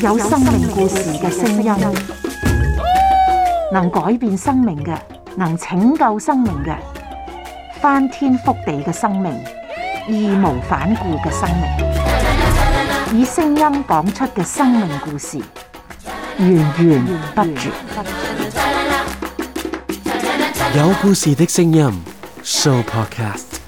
有生命故事嘅聲音，能改變生命嘅，能拯救生命嘅，翻天覆地嘅生命，義無反顧嘅生命，以聲音講出嘅生命故事，源源不絕。有故事嘅聲音，Show Podcast。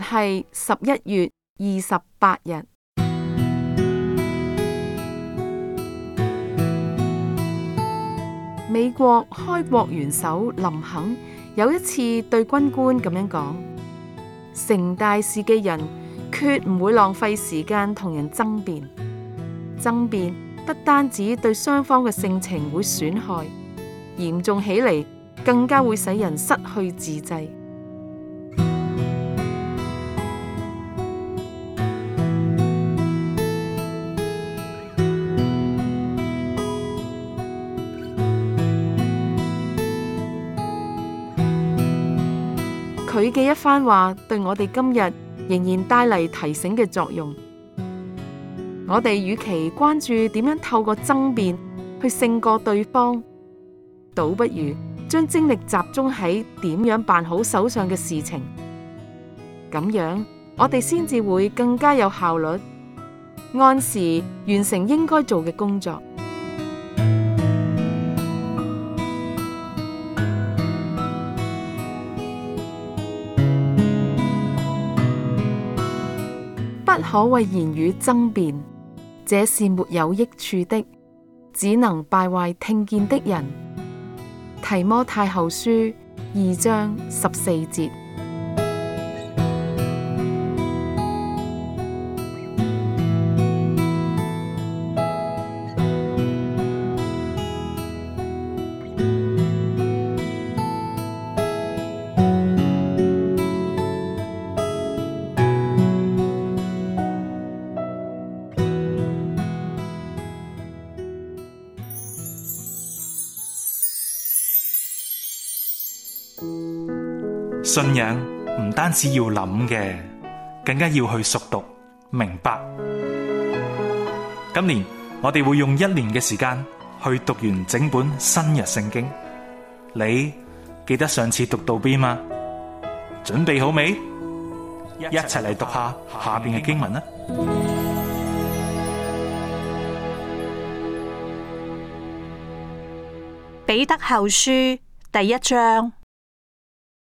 係十一月二十八日，美國開國元首林肯有一次對軍官咁樣講：成大事嘅人決唔會浪費時間同人爭辯，爭辯不單止對雙方嘅性情會損害，嚴重起嚟更加會使人失去自制。佢嘅一番話對我哋今日仍然帶嚟提醒嘅作用。我哋與其關注點樣透過爭辯去勝過對方，倒不如將精力集中喺點樣辦好手上嘅事情。咁樣，我哋先至會更加有效率，按時完成應該做嘅工作。不可為言語爭辯，這是沒有益處的，只能敗壞聽見的人。提摩太後書二章十四節。信仰唔單止要諗嘅，更加要去熟讀明白。今年我哋會用一年嘅時間去讀完整本新約聖經。你記得上次讀到邊嗎？準備好未？一齊嚟讀下下面嘅經文啦！彼得後書第一章。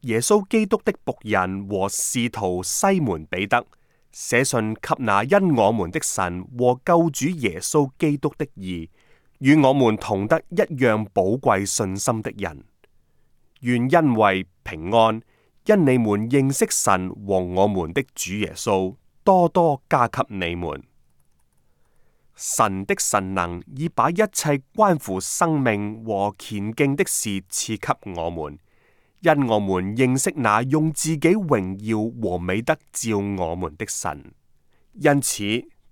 耶穌基督的僕人和使徒西門彼得寫信給那因我們的神和救主耶穌基督的義與我們同得一樣寶貴信心的人，願因為平安，因你們認識神和我們的主耶穌，多多加給你們神的神能，已把一切關乎生命和虔敬的事賜給我們。因我們認識那用自己榮耀和美德照我們的神，因此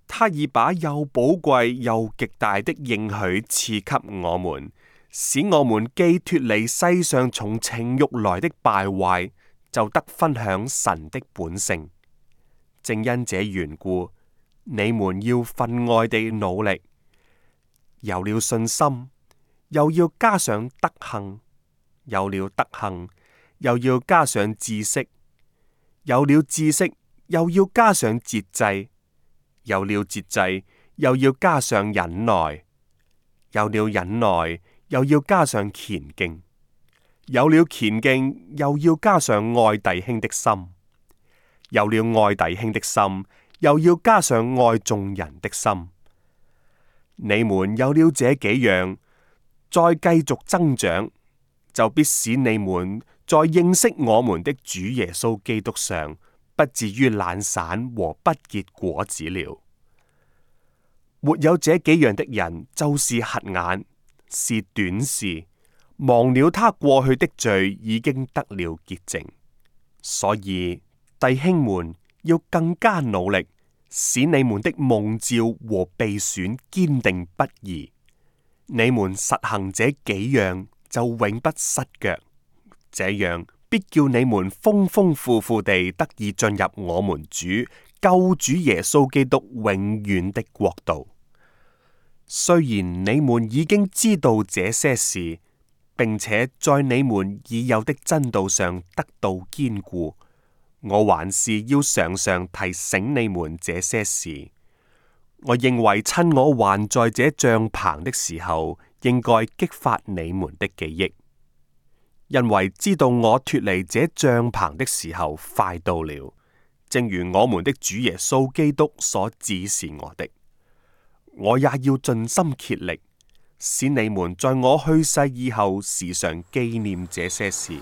他已把又寶貴又極大的應許賜給我們，使我們既脫離世上從情欲來的敗壞，就得分享神的本性。正因這緣故，你們要分外地努力，有了信心，又要加上德行；有了德行。又要加上知識，有了知識又要加上節制，有了節制又要加上忍耐，有了忍耐又要加上虔敬，有了虔敬又要加上愛弟兄的心，有了愛弟兄的心又要加上愛眾人的心。你們有了這幾樣，再繼續增長，就必使你們。在認識我們的主耶穌基督上，不至於懶散和不結果子了。沒有這幾樣的人，就是瞎眼，是短視，忘了他過去的罪已經得了潔淨。所以弟兄們要更加努力，使你們的蒙召和被選堅定不移。你們實行這幾樣，就永不失腳。這樣必叫你們豐豐富富地得以進入我們主、救主耶穌基督永遠的國度。雖然你們已經知道這些事，並且在你們已有的真道上得到堅固，我還是要常常提醒你們這些事。我認為，趁我還在這帳棚的時候，應該激發你們的記憶。因為知道我脫離這帳篷的時候快到了，正如我們的主耶穌基督所指示我的，我也要盡心竭力，使你們在我去世以後時常紀念這些事。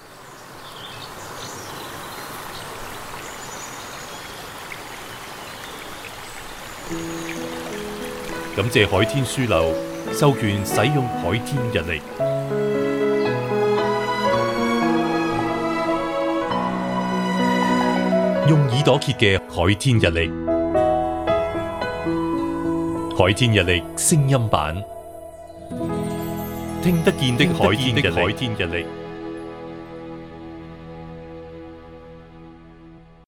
感謝海天書樓授權使用海天日曆。用耳朵揭嘅《海天日曆》，《海天日曆》聲音版，聽得見的《海天日曆》。